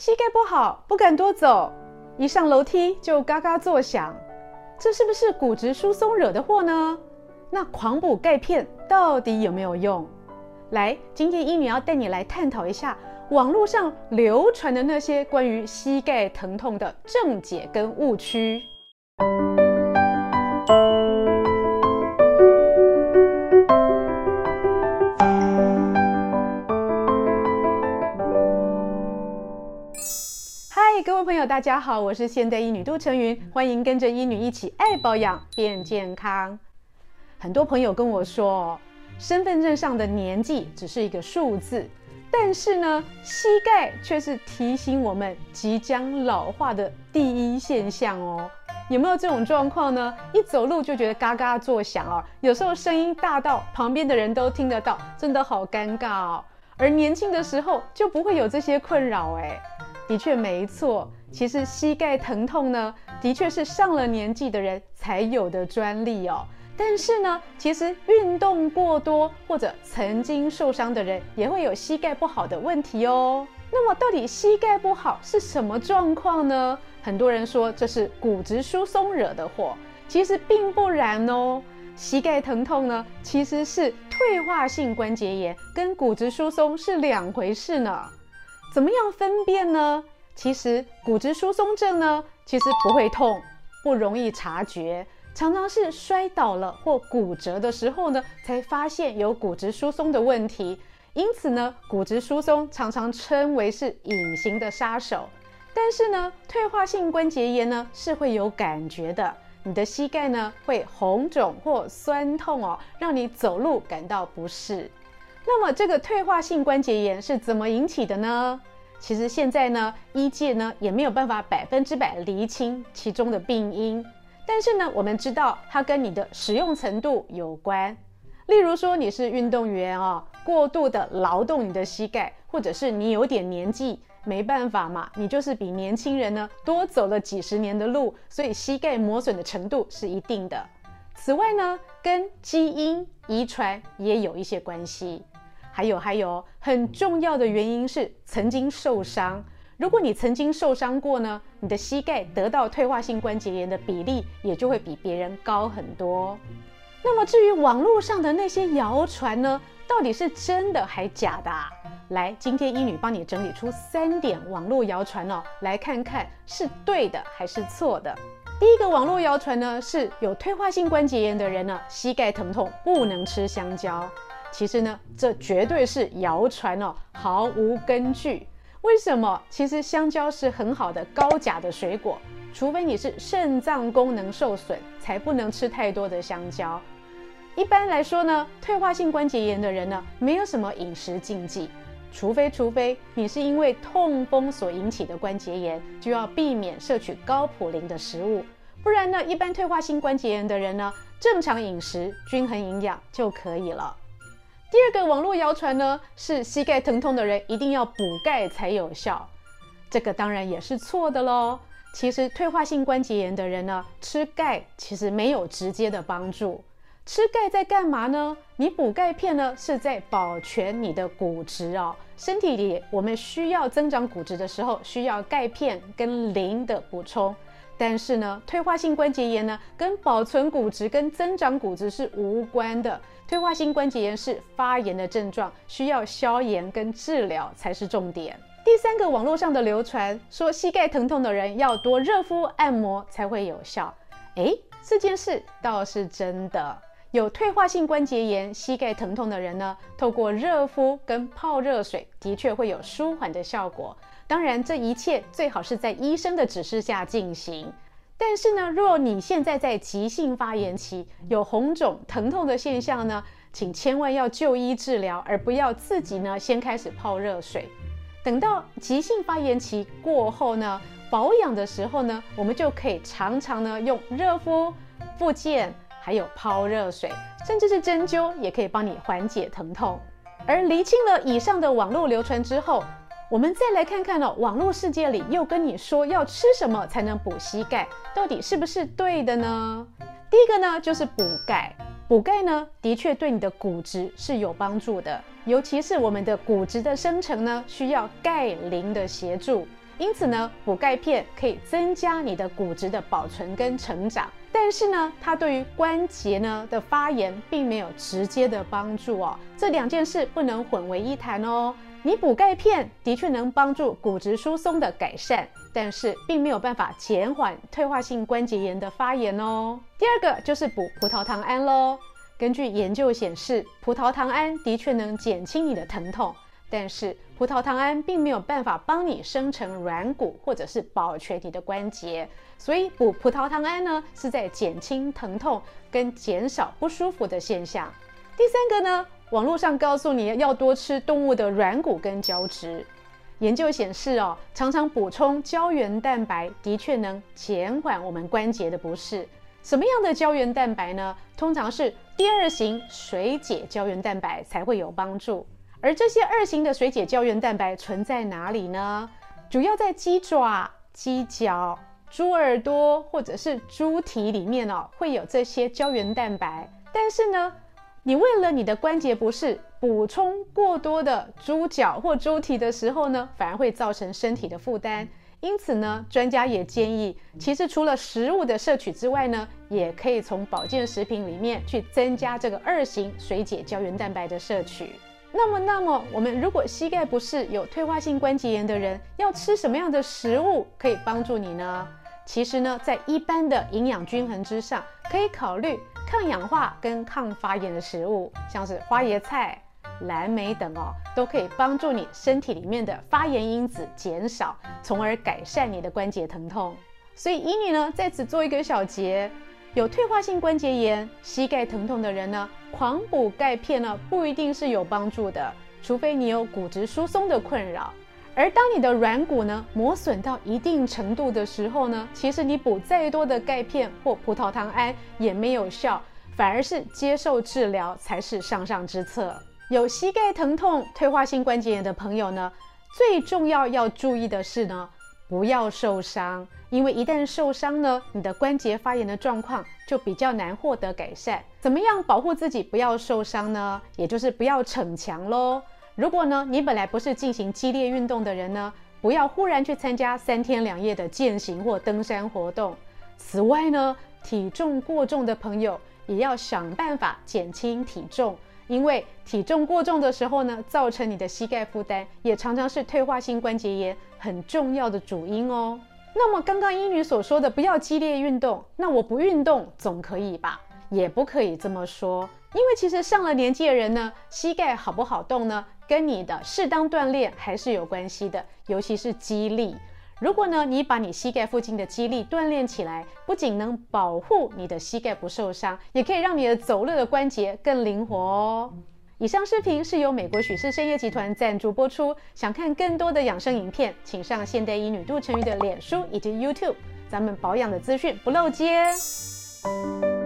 膝蓋不好，不敢多走，一上樓梯就嘎嘎作響，這是不是骨質疏鬆惹的禍呢？那狂補鈣片到底有沒有用？來，今天醫女要帶你來探討一下網絡上流傳的那些關於膝蓋疼痛的正解跟誤區。各位朋友，大家好，我是現代醫女杜丞蕓，歡迎跟着醫女一起愛保養變健康。很多朋友跟我說，身份證上的年紀只是一個數字，但是呢，膝蓋卻是提醒我們即將老化的第一現象哦。有沒有這種狀況呢？一走路就覺得嘎嘎作響哦，有時候聲音大到旁邊的人都聽得到，真的好尷尬哦，而年輕的時候就不會有這些困擾哎、欸。的確沒錯，其實膝蓋疼痛呢，的確是上了年紀的人才有的專利哦。但是呢，其實運動過多或者曾經受傷的人也會有膝蓋不好的問題哦。那麼到底膝蓋不好是什麼狀況呢？很多人說這是骨質疏鬆惹的禍，其實並不然哦。膝蓋疼痛呢，其實是退化性關節炎，跟骨質疏鬆是兩回事呢。怎麼樣分辨呢？其實骨質疏鬆症呢，其實不會痛，不容易察覺，常常是摔倒了或骨折的時候呢，才發現有骨質疏鬆的問題。因此呢，骨質疏鬆常常稱為是隱形的殺手。但是呢，退化性關節炎呢，是會有感覺的，你的膝蓋呢會紅腫或酸痛哦，讓你走路感到不適。那麼這個退化性關節炎是怎麼引起的呢？其實現在呢，醫界呢也沒有辦法百分之百釐清其中的病因。但是呢，我們知道它跟你的使用程度有關。例如說你是運動員啊、哦，過度的勞動你的膝蓋，或者是你有點年紀，沒辦法嘛，你就是比年輕人呢多走了幾十年的路，所以膝蓋磨損的程度是一定的。此外呢，跟基因遺傳也有一些關係。還有還有很重要的原因是曾經受傷。如果你曾經受傷過呢，你的膝蓋得到退化性關節炎的比例也就會比別人高很多。那麼至於網絡上的那些謠傳呢，到底是真的還假的啊？來，今天醫女幫你整理出三點網絡謠傳哦，來看看是對的還是錯的。第一個網絡謠傳呢，是有退化性關節炎的人呢，膝蓋疼痛不能吃香蕉。其實呢，這絕對是謠傳哦，毫無根據。為什麼？其實香蕉是很好的高鉀的水果，除非你是腎臟功能受損，才不能吃太多的香蕉。一般來說呢，退化性關節炎的人呢，沒有什麼飲食禁忌，除非除非你是因為痛風所引起的關節炎，就要避免攝取高普林的食物，不然呢，一般退化性關節炎的人呢，正常飲食、均衡營養就可以了。第二個網絡謠傳呢，是膝蓋疼痛的人一定要補鈣才有效，這個當然也是錯的嘍。其實退化性關節炎的人呢，吃鈣其實沒有直接的幫助。吃鈣在幹嘛呢？你補鈣片呢，是在保全你的骨質哦。身體裡我們需要增長骨質的時候，需要鈣片跟磷的補充。但是呢，退化性關節炎呢，跟保存骨質、跟增長骨質是無關的。退化性關節炎是發炎的症狀，需要消炎跟治療才是重點。第三個網絡上的流傳說，膝蓋疼痛的人要多熱敷按摩才會有效。誒，這件事倒是真的。有退化性關節炎膝蓋疼痛的人呢，透過熱敷跟泡熱水的確會有舒緩的效果。當然，這一切最好是在醫生的指示下進行。但是呢，若你現在在急性發炎期有紅腫疼痛的現象呢，請千萬要就醫治療，而不要自己呢先開始泡熱水。等到急性發炎期過後呢，保養的時候呢，我們就可以常常呢用熱敷、附件，還有泡熱水，甚至是針灸，也可以幫你緩解疼痛。而釐清了以上的網絡流傳之後，我們再來看看了哦，網絡世界裡又跟你說要吃什麼才能補膝蓋，到底是不是對的呢？第一個呢就是補鈣，補鈣呢的確對你的骨質是有幫助的，尤其是我們的骨質的生成呢需要鈣磷的協助，因此呢補鈣片可以增加你的骨質的保存跟成長，但是呢它對於關節呢的發炎並沒有直接的幫助哦，這兩件事不能混為一談哦。你補鈣片的確能幫助骨質疏鬆的改善，但是並沒有辦法減緩退化性關節炎的發炎哦。第二個就是補葡萄糖胺嘍。根據研究顯示，葡萄糖胺的確能減輕你的疼痛，但是葡萄糖胺並沒有辦法幫你生成軟骨或者是保全你的關節，所以補葡萄糖胺呢是在減輕疼痛跟減少不舒服的現象。第三個呢？網絡上告訴你要多吃動物的軟骨跟膠質。研究顯示哦，常常補充膠原蛋白的確能減緩我們關節的不適。什麼樣的膠原蛋白呢？通常是第二型水解膠原蛋白才會有幫助。而這些二型的水解膠原蛋白存在哪裡呢？主要在雞爪、雞腳、豬耳朵或者是豬蹄裡面哦，會有這些膠原蛋白。但是呢，你為了你的關節不適，補充過多的豬腳或豬蹄的時候呢，反而會造成身體的負擔。因此呢，專家也建議，其實除了食物的攝取之外呢，也可以從保健食品裡面去增加這個二型水解膠原蛋白的攝取。那麼，那麼我們如果膝蓋不適、有退化性關節炎的人，要吃什麼樣的食物可以幫助你呢？其實呢，在一般的營養均衡之上，可以考慮。抗氧化跟抗發炎的食物，像是花椰菜、藍莓等哦，都可以幫助你身體裡面的發炎因子減少，從而改善你的關節疼痛。所以，以你呢，醫女呢在此做一個小結：有退化性關節炎、膝蓋疼痛的人呢，狂補鈣片呢不一定是有幫助的，除非你有骨質疏鬆的困擾。而當你的軟骨呢磨損到一定程度的時候呢，其實你補再多的鈣片或葡萄糖胺也沒有效，反而是接受治療才是上上之策。有膝蓋疼痛、退化性關節炎的朋友呢，最重要要注意的是呢，不要受傷，因為一旦受傷呢，你的關節發炎的狀況就比較難獲得改善。怎麼樣保護自己不要受傷呢？也就是不要逞強嘍。如果呢，你本來不是進行激烈運動的人呢，不要忽然去參加三天兩夜的健行或登山活動。此外呢，體重過重的朋友也要想辦法減輕體重，因為體重過重的時候呢，造成你的膝蓋負擔，也常常是退化性關節炎很重要的主因哦。那麼剛剛醫女所說的不要激烈運動，那我不運動總可以吧？也不可以這麼說，因為其實上了年紀的人呢，膝蓋好不好動呢？跟你的適當鍛鍊還是有關係的，尤其是肌力。如果呢，你把你膝蓋附近的肌力鍛鍊起來，不僅能保護你的膝蓋不受傷，也可以讓你的走路的關節更靈活哦、嗯。以上視頻是由美國許氏參業集團贊助播出。想看更多的養生影片，請上現代醫女杜丞蕓的臉書以及 YouTube。咱們保養的資訊不漏接。嗯。